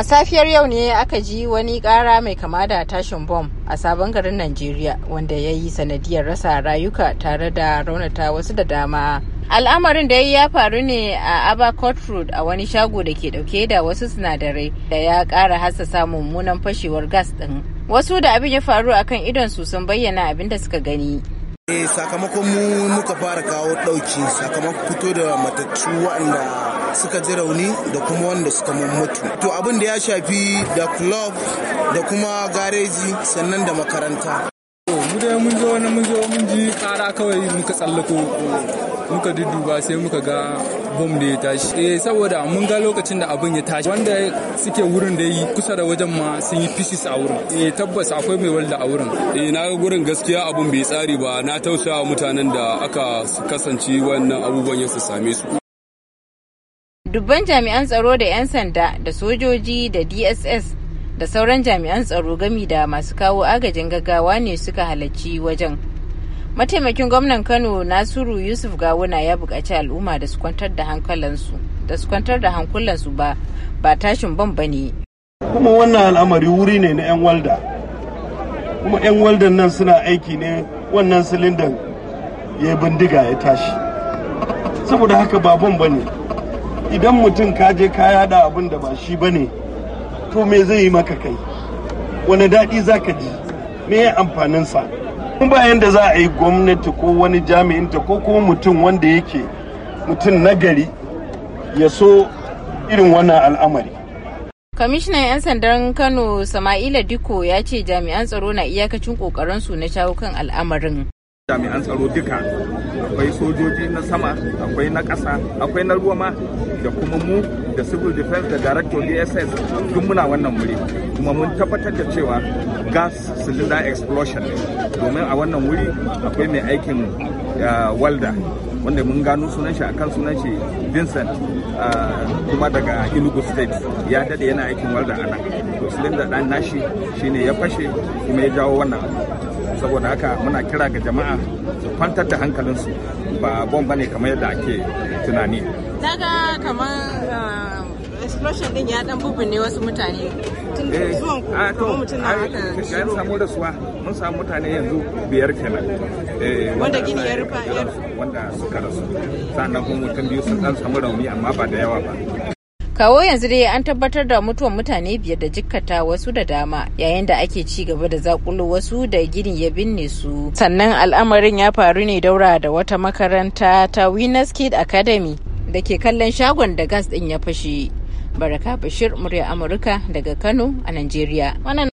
A safiyar yau ne aka ji wani ƙara mai kama da tashin bom a sabon garin Najeriya wanda ya yi sanadiyar rasa rayuka tare da raunata wasu da dama. Al'amarin da ya faru ne a Abacourt Road a wani shago da ke dauke da wasu sinadarai da ya ƙara hassasa mummunan fashewar gas ɗin. Wasu da abin ya faru a kan idonsu sun bayyana abin da suka gani. Eh sakamakon mu muka fara kawo dauki sakamakon fito da matattu wanda suka ji rauni da kuma wanda suka mutu. To abin da ya shafi da club da kuma gareji sannan da makaranta. mu dai mun zo wani mun zo mun ji kara kawai muka tsallako muka duduba sai muka ga bom da ya tashi eh saboda mun ga lokacin da abin ya tashi wanda suke wurin da yi kusa da wajen ma sun yi pieces a wurin eh tabbas akwai mai walda a wurin eh na ga gurin gaskiya abun bai tsari ba na wa mutanen da aka kasance wannan abubuwan ya same su dubban jami'an tsaro da 'yan sanda da sojoji da dss da sauran jami'an tsaro gami da masu kawo agajin gaggawa ne suka halarci wajen mataimakin gwamnan kano nasiru yusuf gawuna ya buƙaci al'umma da su kwantar da hankalansu da su kwantar da hankulansu ba ba tashin ban ba ne kuma wannan al'amari wuri ne na 'yan walda kuma 'yan waldan nan suna aiki ne wannan silindan ya bindiga ya tashi saboda haka ba ban ba ne idan mutum ka je ka yada abin da ba shi ba ne to me zai yi maka kai wani daɗi za ka ji me ya amfaninsa in bayan da za a yi gwamnati ko wani jami'in ta ko kuma mutum wanda yake mutum nagari ya so irin wannan al'amari kwamishinan 'yan sandan kano sama'ila diko ya ce jami'an tsaro na iyakacin kokarinsu na shawo kan al'amarin jami'an tsaro duka akwai sojoji na sama akwai na ƙasa akwai na ruwa ma da kuma mu da civil defense da director dss duk muna wannan wuri kuma mun tabbatar da cewa gas cylinder explosion ne domin a wannan wuri akwai mai aikin uh, walda wanda mun gano sunan shi akan sunan shi vincent uh, kuma daga inugu state ya dade yana aikin walda a nan to cylinder dan nashi shine ya fashe kuma ya jawo wannan saboda haka muna kira ga jama'a su kwantar da hankalinsu ba bom bane kamar yadda ake tunani na ga kamar um, explosion din ya dan bubune wasu mutane tun da eh, zuwan ku ah, kuma mutum na haka shiru samu rasuwa mun samu mutane yanzu biyar kenan eh, wanda gini ya rufa wanda suka rasu sannan kuma mutum biyu sun dan samu rauni amma ba da yawa ba kawo yanzu dai an tabbatar da mutuwan mutane biyar da jikkata wasu da dama yayin da ake ci gaba da zakulo wasu da ginin ya binne su sannan al'amarin ya faru ne daura da wata makaranta ta winners kid academy da ke kallon shagon da gas din ya fashe. Baraka Bashir, murya Amurka daga Kano a Najeriya.